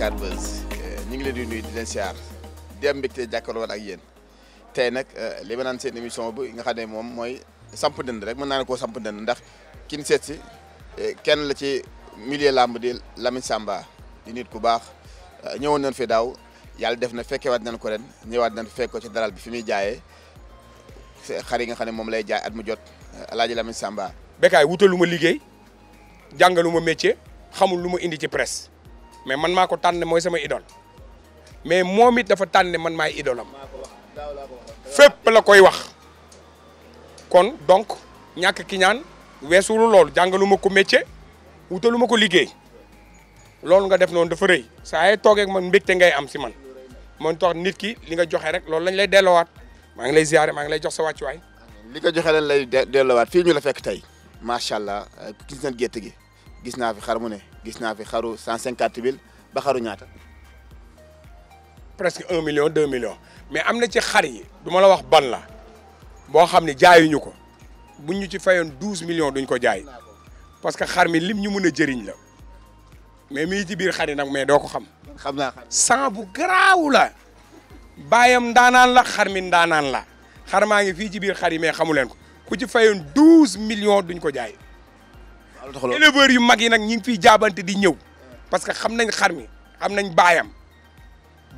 Dakar Buzz euh, ñu ngi leen di nuy di leen siyaar di am mbégte jàkkaarloo ak yéen tey nag euh, li ma naan seen émission bi nga xam ne moom mooy samp dënd rek mën naa ne koo samp dënd ndax kin seet si euh, kenn la ci millier làmb di Lamine Samba di nit ku baax ñëwoon nañ fi daaw yàlla def na fekkewaat nañ ko ren ñëwaat nañ fekk ko ci daral bi fi muy jaayee xar yi nga xam ne moom lay jaay at mu jot alaaji Lamine Samba. Bécaye wutalu ma liggéey jàngalu ma métier xamul lu ma indi ci presse. mais man maa ko tànn mooy sama idole mais moom it dafa tànn man maay idolam fépp la koy wax kon donc ñàkk ki ñaan weesulu loolu jàngaluma ko métier wutaluma ko liggéey loolu nga def woon dafa rëy saa toogeek toogee man mbégte ngay am si man man tax nit ki li nga joxe rek loolu lañ lay dellowaat maa ngi lay ziare maa ngi lay jox sa wàccuwaay. li nga joxe lañ lay dellowaat fii ñu la fekk tey macha allah gis nañ gerte gi. gis naa fi xar mu ne gis naa fi xaru cent cinquante mille ba xaru ñaata. presque un million deux millions mais am na ci xar yi du la wax ban la boo xam ne jaayuñu ko buñ ñu ci fayoon douze millions duñ ko jaay parce que xar mi lim ñu mën a jëriñ la mais mi ci biir xar yi nag mais doo ko xam. xam naa xar bu garaaw la baayam ndaanaan la xar mi ndaanaan la xar maa ngi fii ci biir xar yi mais xamu leen ko ku ci fayoon douze millions duñ ko jaay. éleveurs yu mag yi nag ñu ngi fiy jaabante di ñëw parce que xam nañ xar mi xam nañ baayam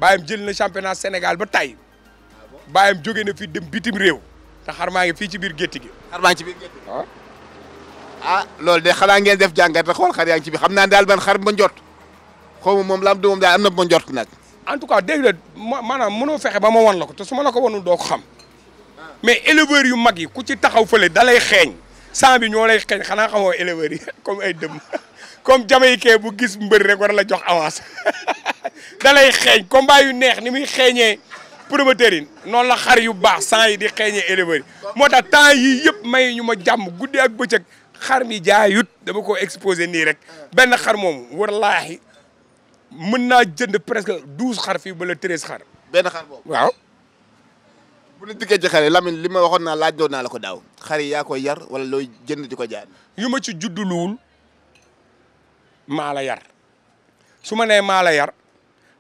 baayam jël na championnat Sénégal ba tay ah baayam jóge na fi dem bitim réew te xar maa ngi fii ci biir gétti gi. xar maa ngi ci biir gétti ah? ah, loolu de xanaa ngeen def jàngat te xool xar yaa ngi ci biir xam naa daal man xar ma njott xaw ma moom lam du moom daal am na ma njott nag. en tout cas dégg nga maanaam mënoo fexe ba ma wan la ko te su ma la ko wanul doo ko xam mais éleveurs yu mag yi ku ci taxaw fale dalay xeeñ. sang bi ñoo lay xeeñ xanaa xamoo éleveurs yi comme ay dëmm comme jamaïcain bu gis mbër rek war la jox avance da lay xeeñ combat yu neex ni muy xeeñee promoteurs yi noonu la xar yu baax sang yi di xeeñee éleveurs moo tax temps yi yëpp may ñu ma jàmm guddi ak bëccëg xar mi jaayut dama ko exposé nii rek benn xar moom wallaahi mën naa jënd presque douze xar fii ba la treize benn xar boobu waaw. bu ñu dikkee ci xar yi Lamine li ma waxoon naa laaj doon naa la ko daaw xar yi yaa koy yar wala looy jënd di ko jaay. yu ma ci judduluwul maa la yar su ma nee maa la yar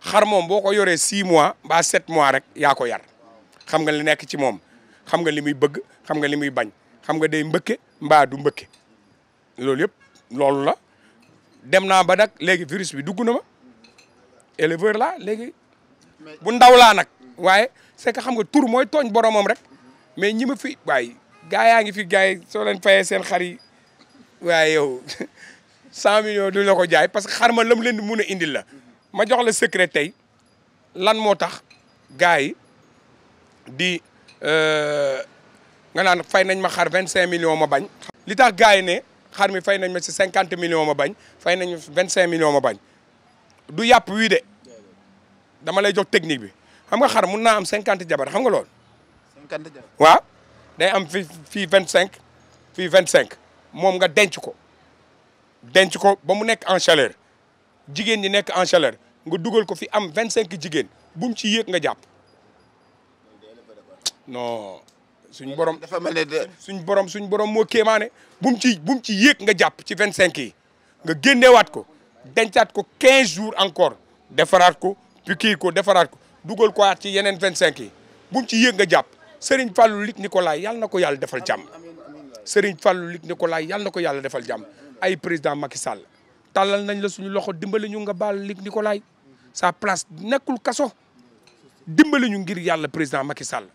xar moom boo ko yoree 6 mois ba 7 mois rek yaa ko yar xam nga li nekk ci moom xam nga li muy bëgg xam nga li muy bañ xam nga day mbëkke mbaa du mbëkke loolu yëpp loolu la dem naa ba nag léegi virus bi dugg na ma éleveur la léegi bu ndaw laa nag waaye. c'est xam nga tur mooy tooñ boromam rek mais ñi ma fi waaye gaa yaa ngi fi gars yi soo leen fayee seen xar waaye yow cent millions duñ la ko jaay parce que xar ma lam leen di mun indi la ma jox la secret tey lan moo tax gars yi di euh, nga naan fay nañ ma xar vingt cinq million ma bañ li gars yi ne xar mi fay nañ ma si cinquante millions ma bañ fay nañ ma vingt cinq millions ma bañ du yàpp wii de dama lay jox technique bi xam nga xar mun naa am cinquante jabar xam nga lool cinquante jabar day am fii fii vingt cinq fii vingt cinq moom nga denc ko denc ko ba mu nekk en chaleur jigéen ñi nekk en chaleur nga dugal ko fi am vingt cinq jigéen bum ci yéeg nga jàpp no suñ borom dafa mel ne suñ borom suñ borom moo kéemaane bu mu ci bu ci yéeg nga jàpp ci vingt cinq yi nga génneewaat ko dencaat ko quinze jours encore defaraat ko piqué ko defaraat ko. dugal ko ci yeneen vingt cinq yi bu mu ci yéeg nga jàpp Serigne Fallou Luc Nicolaï yàlla na ko yàlla defal jàmm Serigne Fallou Luc Nicolaï yàlla na ko yàlla defal jàmm ay président Macky Sall tàllal nañ la suñu loxo dimbale ñu nga baal Luc Nicolaï sa place nekkul kaso dimbali ñu ngir yàlla président Macky Sall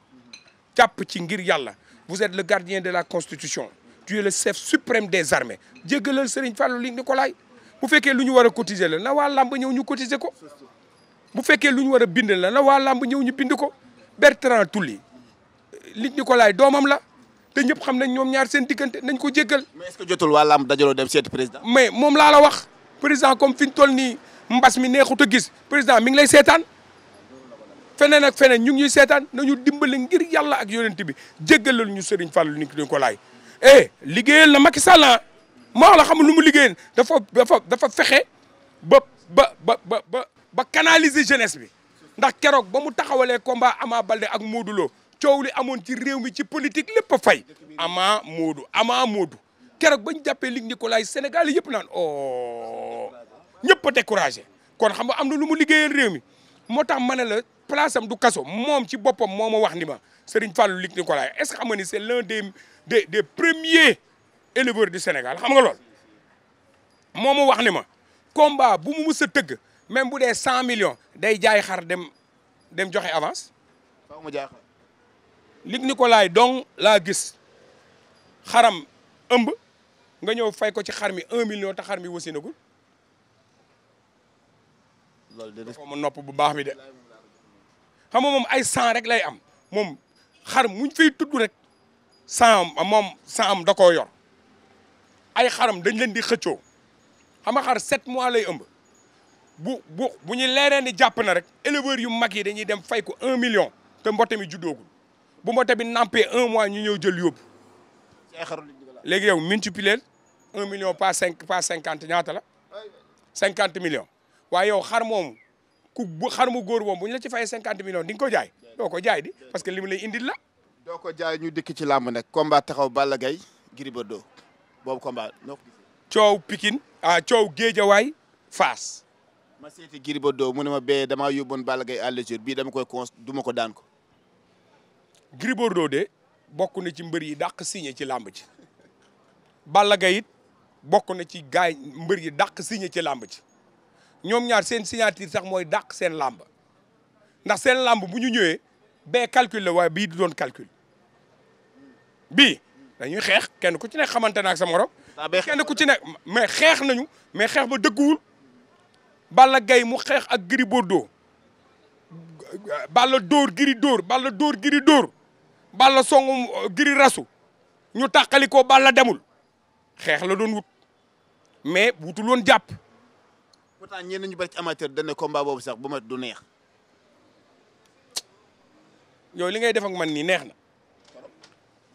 jàpp ci ngir yàlla vous êtes le gardien de la constitution tu es le chef suprême des armées jéggalal Serigne Fallou Luc Nicolaï bu fekkee lu ñu war a cotiser la na waa làmb ñëw ñu cotiser ko bu fekkee lu ñu war a bind la na waa làmb ñëw ñu bind ko Bertrand Tulli li Nicolas doomam la te ñëpp xam nañ ñoom ñaar seen diggante nañ ko jéggal. mais jotul waa làmb dajaloo dem seeti président. moom laa la wax président comme fi ñu toll nii mbas mi neexut a gis président mi ngi lay seetaan feneen ak feneen ñu ñuy seetaan na ñu dimbali ngir yàlla ak yonent bi jéggalal ñu Serigne Fallou Nicolas eh liggéeyal na Macky Sall ah. moo la xam lu mu liggéeyal dafa dafa dafa fexe ba ba ba ba. ba canaliser jeunesse bi ndax keroog ba mu taxawalee combat Ama Baldé ak Modou Lo coow li amoon ci réew mi ci politique lépp a fay Ama Modou Ama Modou keroog bañ jàppee Luc Nicolaï Sénégal yëpp naan oh ñëpp a découragé kon xam nga am na lu mu liggéeyal réew mi moo tax ma ne la place am du kaso moom ci boppam moo ma wax ni ma Serigne Fallou Luc Nicolaï est-ce que xam nga ni c'est l'un des des des premiers du Sénégal xam nga lool moo ma wax ni ma combat bu mu mës a tëgg même bu dee cent millions day jaay xar dem dem joxe avance. faaw ma jaay xar. Luc Nicolaï donc laa gis xaram ëmb nga ñëw fay ko ci xar mi un million te xar mi wasinagul. loolu de ma nopp bu baax mi de. xam moom ay cent rek lay am moom xar muñ fay tudd rek cent am moom cent am da koo yor ay xaram dañ leen di xëccoo xam nga xar sept mois lay ëmb. bu bu bu ñu leeree jàpp na rek éleveurs yu mag yi dañuy dem fay ko un million te mbote mi juddoogul bu mbote bi nampee un mois ñu ñëw jël yóbbu. léegi yow multiplier un million pas pas cinquante ñaata la cinquante million waaye yow xar moom ku bu xar mu góor boobu bu ñu la ci fayee cinquante millions di nga ko jaay doo ko jaay di parce que li mu lay la. doo ko jaay ñu dikk ci làmb nag combat taxaw Balla Gaye Gris Bordeaux boobu combat noo ko gisee. coow Pikine ah coow Faas. ma seeti Gris doo mu ne ma bee damaa yóbboon Balla Gaye à l'usure bii dama koy cons du ma ko daan ko. Gris Bordeaux de bokk na ci mbër yi dàq signé ci làmb ji Balla it bokk na ci gaay mbër yi dàq signé ci làmb ji ñoom ñaar seen signature sax mooy dàq seen làmb ndax seen làmb bu ñu ñëwee bee calcul la waaye bii du doon calcul bii dañuy xeex kenn ku ci nekk xamante na ak sa morom. kenn ku ci nekk mais xeex nañu mais xeex ba dëgguwul. Balla Gaye mu xeex ak Gris Bordeaux Balla dóor Gris dóor Balla dóor Gris dóor Balla songu Gris rasu ñu tàqali ko Balla demul xeex la doon wut mais wutul woon jàpp. pourtant ñenn ñu bari ci amateur dañ ne combat boobu sax bu ma du neex. yow li ngay def ak man nii neex na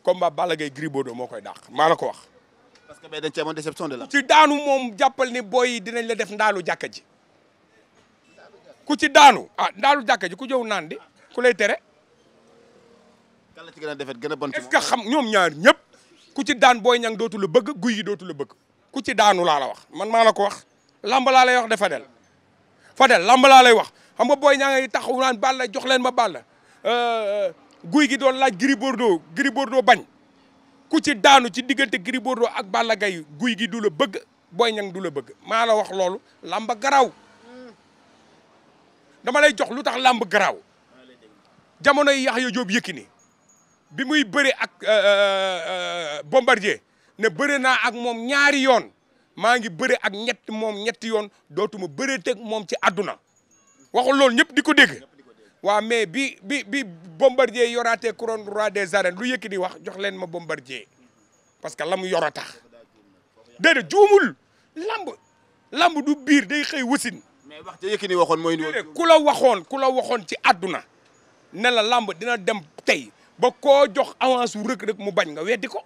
combat Balla Gaye Gris Bordeaux moo koy dàq maa la ko wax. parce que dañ cee amoon déception de la. ci daanu moom jàppal ni booy dinañ la def ndaalu jàkka ji. ku ci daanu ah ndaalu jàkka ji ku jow naan di ku lay tere. kan la ci gën a defet gën a bon est-ce xam ñoom ñaar ñëpp ku ci daan booy ñang dootu la bëgg guy gi dootu la bëgg ku ci daanu laa la wax man maa la ko wax lamba laa lay wax de Fadel Fadel lamba laa lay wax xam nga booy ñaa ngi taxaw naan Balla jox leen ma Balla euh, euh, guy gi doon laaj Gris Bordeaux bañ ku ci daanu ci diggante Gris Bordeaux ak Balla Gaye guy gi du la bëgg booy ñang du la bëgg maa la wax loolu lamba garaw dama lay jox lu tax làmb garaaw jamono yi Yaxya Jóob Yékini bi muy bëre ak euh, euh, Bombardier ne bëre naa ak moom ñaari yoon maa ngi bëre ak ñett moom ñetti yoon dootuma bëre teg moom ci àdduna waxul loolu ñëpp di ko dégg waaw mais bi bi bi Bombardier yoraatee couronne roi des arènes lu Yékini wax jox leen ma Bombardier parce que la mu yor a tax déedéet juumul lamb du biir day xëy wasin mais wax ja Yékini waxoon mooy. ku la waxoon ku la waxoon ci àdduna ne la làmb dina dem tey ba koo jox avance wu rëkk rek mu bañ nga weddi ko.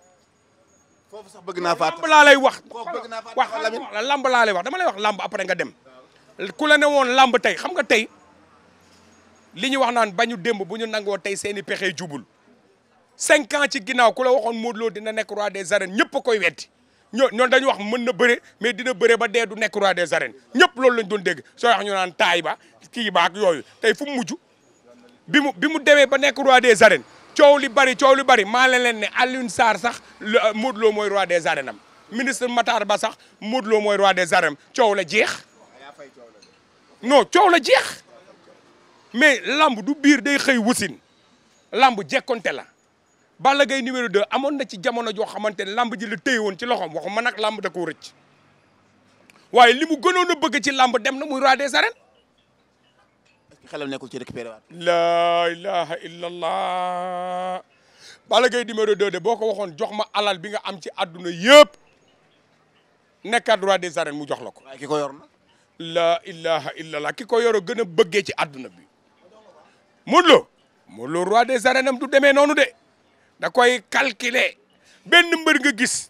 foofu sax bëgg naa faa lamb laa lay wax. bëgg naa faa lamb laa lay wax dama lay wax lamb après nga dem. ku la ne woon lamb tey xam nga tey li ñu wax naan bañu demb bu ñu nangoo tey seen i pexe jubul. cinq ans ci ginnaaw ku la waxoon Modou Lo dina nekk roi des arènes ñëpp koy weddi. ño ñoonu dañu wax mën na bëre mais dina bëre ba dee du nekk roi des arènes ñëpp loolu lañ doon dégg soo wax ñu naan taay ba kii ba ak yooyu tey fu mu mujj bi mu bi mu demee ba nekk roi des arènes coow li bari coow li bari maa leen ne Alioune Sarr sax euh, Modou Lo des arènes am ministre Matar Ba sax Modou mooy roi des arènes coow la jeex non coow la jeex mais lamb du biir day xëy wusin lamb jekkonte la Balla gay numéro 2 amoon na ci jamono joo xamante ne lamb ji la téye woon ci loxoom waxuma nag lamb da koo rëcc waaye li mu gënoon a bëgg ci lamb dem na muy roi des arènes. est-ce que xelam nekkul ci récupéré waat. laa ilaha numéro de boo ko waxoon jox ma alal bi nga am ci àdduna yëpp nekkaat roi des arènes mu jox la ko. waaye ki ko yor na. ki ko yoroo gën a bëggee ci àdduna bi. Modou Lo Modou Lo roi des arènes am du demee noonu de. da koy calculer benn mbër nga gis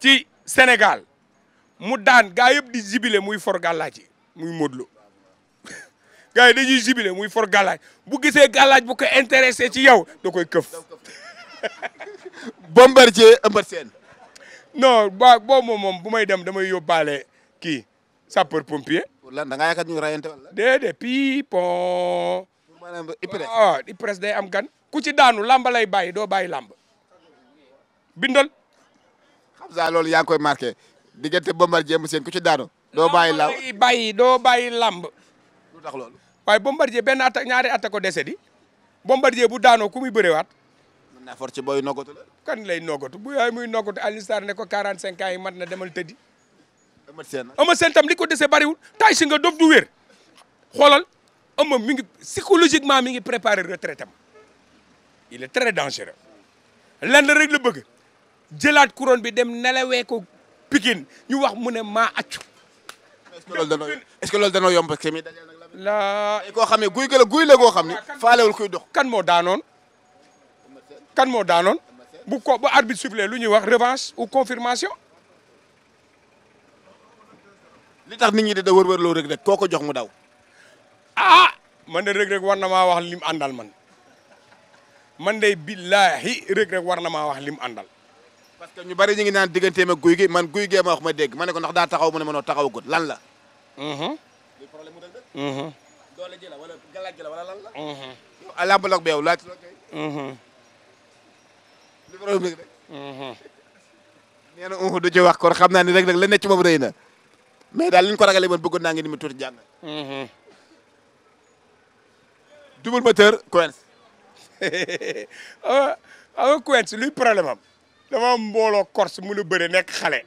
ci Sénégal mu daan gaa yëpp di jibile muy for gàllaaj yi muy Modou Lo gaa yi dañuy jibile muy for gàllaaj bu gisee gàllaaj bu ko intéressé ci yow da koy këf Bombardier Eumeu Sène non ba bo moom moom bu may dem damay yóbbaale kii sapeur pompier. lan da ngaa yaakaar ñu rayante wala. déedéet pii pon. IPRES waaw day am gan. ku ci daanu lamba lay bàyyi doo bàyyi làmb bindal. xam saa loolu yaa ngi koy marqué diggante Bombardier mu seen ku ci daanu. doo bàyyi làmb lay bàyyi doo bàyyi làmb. lu tax loolu. waaye Bombardier benn at ñaari at ko dese di Bombardier bu daanoo ku muy bërewaat. mën naa for ci booy noggatu la. kan lay noggatu bu yaay muy noggatu Alioune ne ko 45 ans yi mat na demal tëddi. Eumeu Sène Eumeu Sène tam li ko dese bariwul tay si nga dof du wér xoolal Eumeu mi ngi psychologiquement mi ngi préparé retraite am il est très dangereux rek la bëgg jëlaat couronne bi dem nelawee ko Pikine ñu wax mu ne maa accu. est-ce que loolu danoo yomb parce que mi dajeel xam ne guy la guy la goo xam ne. faalewul dox. kan moo daanoon kan moo daanoon bu ko bu arbitre lu ñuy wax revanche ou confirmation. li tax nit ñi da wër-wër loo rek rek koo jox mu daw. ah man de rek rek war na wax lim àndal man. man day billaahi Reug Reug war na maa wax li mu àndal. parce que ñu bari ñu ngi naan digganteem ak guy gi man guy gee ma wax ma dégg ma ne ko ndax daa taxaw mu ne ma noo taxawagut lan la. Mhm. li problème mu Reug Reug. Mhm. doole ji la wala galaaj ji la wala lan la. Mhm. yow allah bu bi yow laaj. li problème rek. nee na du ci wax kon xam naa ni Reug Reug la nekk ci moom rëy na. mais daal li ñu ko ragalee man bëggoon naa ngi ni mu tuuti jàng. double moteur coince. ah ah Quench luy problème am dama am mbooloo Corse mu la bëre nekk xale.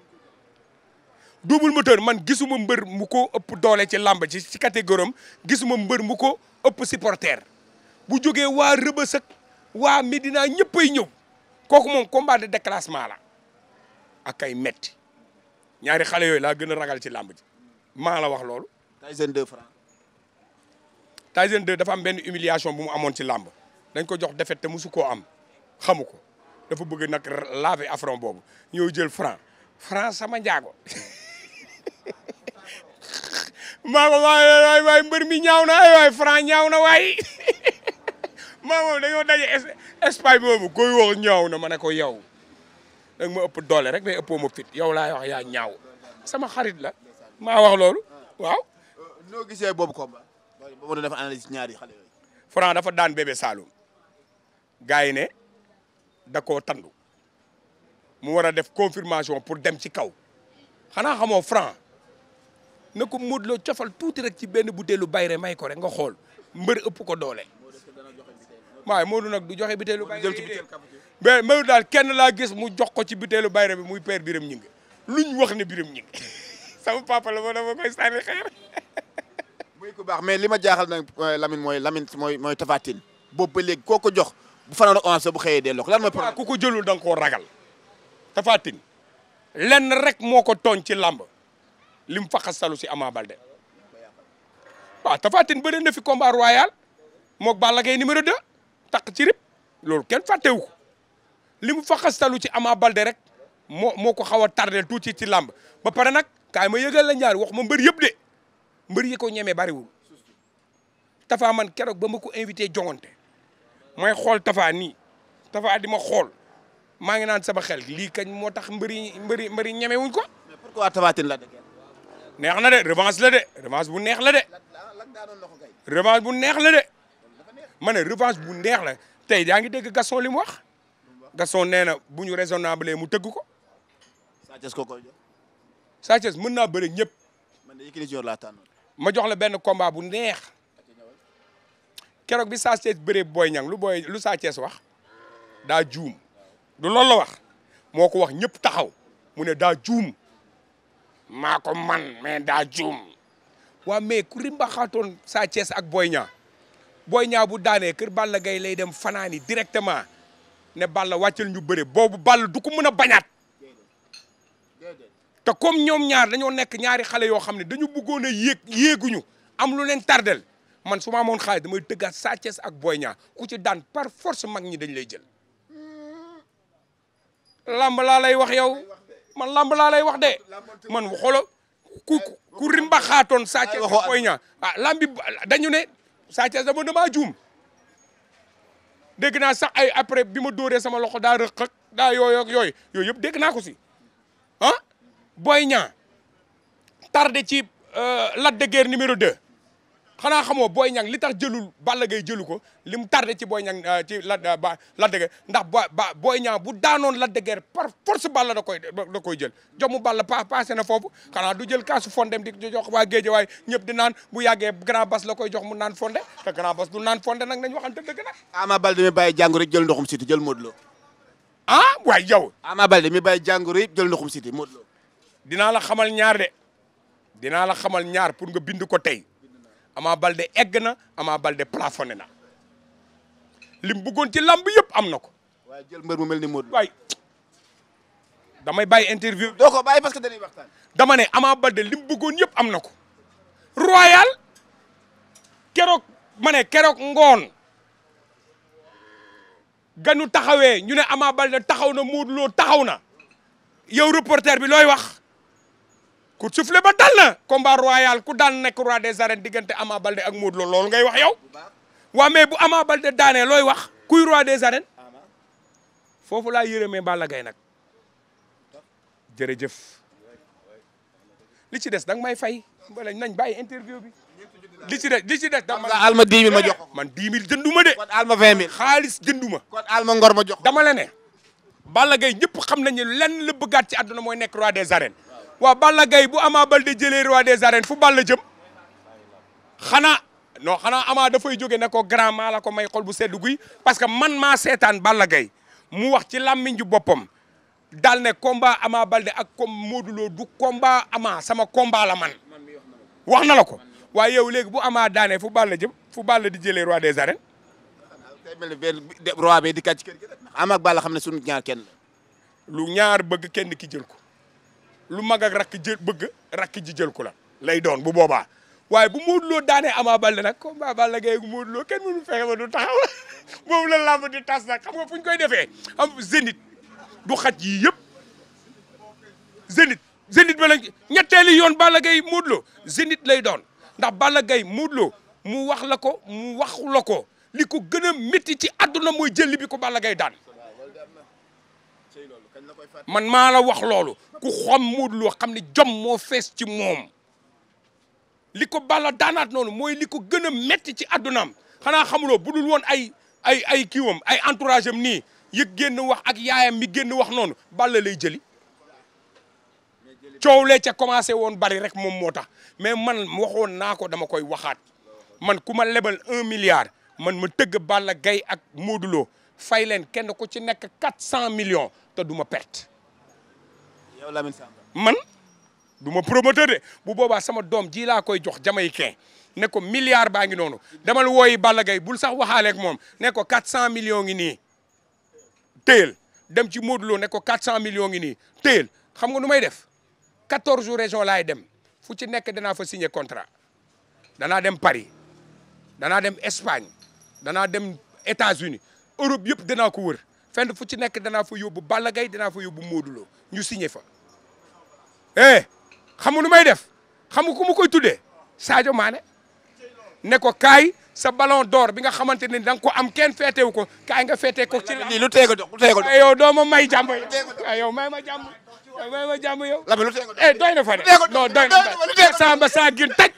double moteur man gisuma mbër mu ko ëpp doole ci làmb ci ci catégorie am gisuma mbër mu ko ëpp supporter bu jógee waa Rëbës ak waa Medina ñëppay ñëw kooku moom combat de déclassement la ak ay metti ñaari xale yooyu laa gën a ragal ci làmb ji maa la wax loolu. Tyson 2 franc. Tyson 2 dafa am benn humiliation bu mu amoon ci làmb dañ ko jox défaite te mosu koo am xamu ko dafa bëgg nag laver affront boobu ñëw jël franc franc sama njaago maa waay mbër mi ñaaw na ay waay franc ñaaw na waay maa moom dañoo daje espagne boobu koy wax ñaaw na ma ne ko yow dag ma ëpp doole rek mais ëppoo ma fit yow laay wax yaa ñaaw sama xarit la maa wax loolu waaw. noo gisee boobu ko ba ma doon def analyse ñaari xale Franc dafa daan bébé Saloum gars yi ne da koo tandu mu war a def confirmation pour dem ci kaw xanaa xamoo franc na ko Modou Lo cofal tuuti rek ci benn butéelu bayre may ko rek nga xool mbër ëpp ko doole. waaye Modou nag du joxe butéelu bayre jël mais Modou daal kenn laa gis mu jox ko ci butéelu bayre bi muy père Biram Ñing luñ wax ne Biram Ñing sama papa la ma dama koy sànni xeer. muy ku baax mais li ma jaaxal nag Lamine mooy Lamine mooy mooy Tapha Tine boobu ba léegi koo ko jox. bu fanaanoo orange bu xëyee delloo ko lan mooy problème ku ko jëlul da nga koo ragal Tapha Tine rek moo ko tooñ ci làmb li mu faqa salu si Ama Baldé waaw Tapha Tine bëri na fi combat royal moo Balla Gaye numéro 2 takk ci rib loolu kenn fàttewu ko li mu faxastalu ci Ama Baldé rek moo moo ko xaw a tardel tuuti ci làmb ba pare nag kaay ma yëgal la ñaar wax ma mbër yëpp de mbër yi ko ñemee bariwul Tapha man keroog ba ma ko invité jongante mooy xool Tapha nii Tapha di ma xool maa ngi naan sama xel lii kañ moo tax mbëri mbëri mbëri ñemewuñ ko. mais pourquoi Tapha la de. neex na de revanche la de revanche bu neex la de. revanche bu neex la ma ne revanche bu neex la tey yaa ngi dégg Gaston li mu wax Gaston nee na bu ñu raisonnable mu tëgg ko. Sa Thiès ko koy mën naa bëri ñëpp. man de Yékini Junior ma jox la benn combat bu neex. keroog bi Sa Thiès bëree booy Niang lu booy lu Sa Thiès wax daa juum du loolu la wax moo ko wax ñëpp taxaw mu ne daa juum maa ko man mais daa juum waa mais ku rimbaxaatoon Sa Thiès ak Boy Niang Boy Niang bu daanee kër Balla Gaye lay dem fanaani directement ne Balla wàccal ñu bëre boobu Balla du ko mën a bañaat te comme ñoom ñaar dañoo nekk ñaari xale yoo xam ne dañu bëggoon a yéeg yéeguñu am lu leen tardel man su ma amoon xaalis damay tëggaat Sa Thiès ak Boy Niang ku ci daan par force mag ñi dañ lay jël lamb laa lay wax yow man lamb laa lay wax de man xoolal ku ku rimbaxaatoon Sa Thiès ak Boy Niang ah lamb dañu ne Sa Thiès dama damaa juum dégg naa sax ay après bi ma dóoree sama loxo daa rëq daa yooyu ak yooyu yooyu yëpp dégg naa ko si ah Boy Niang tardé ci euh, Lac de Guiers numéro 2 xanaa xamoo Boy Niang li jëlul Balla Gaye jëlu ko li mu tardé ci Boy Niang euh, la euh, ba Lac de Guiers ndax ba Boy Niang bu daanoon la deger Guiers par force Balla da koy da koy jël jomu Balla pa passé na foofu xanaa du jël kaasu fondem di jox waa géej waay ñëpp di naan bu yàggee grand bas la koy jox mu naan fonde te grand bas du naan fonde nag nañ waxante dëgg nag Ama Baldé mi bàyyi jàngoro jël ndoxum siti jël Modou Lo ah waaye mi bàyyi jàngoro yëpp jël ndoxum siti Modou Lo dinaa la xamal ñaar de dinaa la xamal ñaar pour nga bind ko tey Ama Baldé egg na Ama Baldé plafonné na lim buggoon ci lamb yëpp am na ko. waaye jël mbër mu mel ni Modou. waay damay bàyyi interview. doo ko bàyyi parce que dañuy waxtaan. dama ne amaa Baldé lim bëggoon yëpp am na ko. royal keroog ma ne keroog ngoon ganu taxawee ñu ne Ama Baldé taxaw na Modou Lo taxaw na yow reporter bi looy wax. ku soufflé ba dal na combat royal ku daan nekk roi des arènes diggante Ama Baldé ak Modou Lo loolu ngay wax yow waa mais bu Ama Baldé daanee looy wax kuy roi des arènes foofu laa yërëmee Balla Gaye nag jërëjëf li ci des dang may fay wala nañ bay interview bi li ci des li ci des dama la alma 10 000 ma jox man 10 000 jënduma de kon alma 20 000 xaalis jënduma kon alma ngor ma jox dama la ne Balla Gaye ñëpp xam nañu lenn la bëggaat ci àdduna mooy nekk roi des arènes waa Balla gay bu Ama Baldé jëlee roi des arènes fu Balla jëm xanaa non xanaa Ama dafay jóge ne ko grand maa la ko may xol bu seddu guy parce que man maa seetaan Balla gay mu wax ci làmmiñ ju boppam daal ne combat Ama Baldé ak comme Modou Lo du combat Ama sama combat la man wax na la ko waaye yow léegi bu amaa daanee fu Balla jëm fu Balla di jëlee roi des arènes day mel di kat ci kër gi am Balla xam ne sunu ñaar ñaar bëgg kenn ki jël ko lu mag ak rakk jël bëgg rakk ji jël ku la lay doon bu boobaa waaye bu Modou Lo daanee Ama Baldé nag combat Balla Gaye ak kenn mënu fexe ba du taxaw boobu la làmb di tas nag xam nga fu koy defee am zénith du xaj yii yëpp zénith zénith ba la ñetteeli yoon Balla gay Modou Lo lay doon ndax Balla Gaye Modou mu wax la ko mu waxu la ko li ko gën a métti ci àdduna mooy jëlli bi ko Balla Gaye daan man maa la wax loolu ku xam Modou Lo xam ne jom moo fees ci moom li ko Balla daanaat noonu mooy li ko gën a metti ci addunaam xanaa xamuloo bu dul woon ay ay ay kiiwam ay entourage am nii yëg génn wax ak yaayam mi génn wax noonu Balla lay jëli coow lee ca commencé woon bari rek moom moo tax mais man waxoon naa ko dama koy waxaat man ku ma lebal un milliard man ma tëgg Balla Gaye ak Modou fay leen kenn ku ci nekk quatre cent millions te du ma perte. yow Lamine man du ma promoteur de bu boobaa sama doom ji laa koy jox jamaïcain ne ko milliard baa ngi noonu demal wooyi Balla Gaye bul sax waxaaleeg moom ne ko cent millions ngi nii téyel dem ci Modou Lo ne ko quatre cent millions ngi nii téyel xam nga nu may def quatorze régions laay dem fu ci nekk danaa fa signer contrat danaa dem Paris danaa dem Espagne danaa dem États-Unis Europe yëpp danaa ko wër fenn fu ci nekk danaa fa yóbbu Balla gay danaa fa yóbbu Modou Lo ñu signé fa. eh xam nga lu may def xam nga ku mu koy tuddee Sadio Mané ne ko kaay sa ballon d'or bi nga xamante ne da nga ko am kenn feetewu ko kaay nga feetee ko. ci lii lu tee ko dox lu tee ko dox eh, yow doo ma may jàmm eh, yow may ma jàmm may ma jàmm yow. la lu tee ko dox eh, saa gin taj.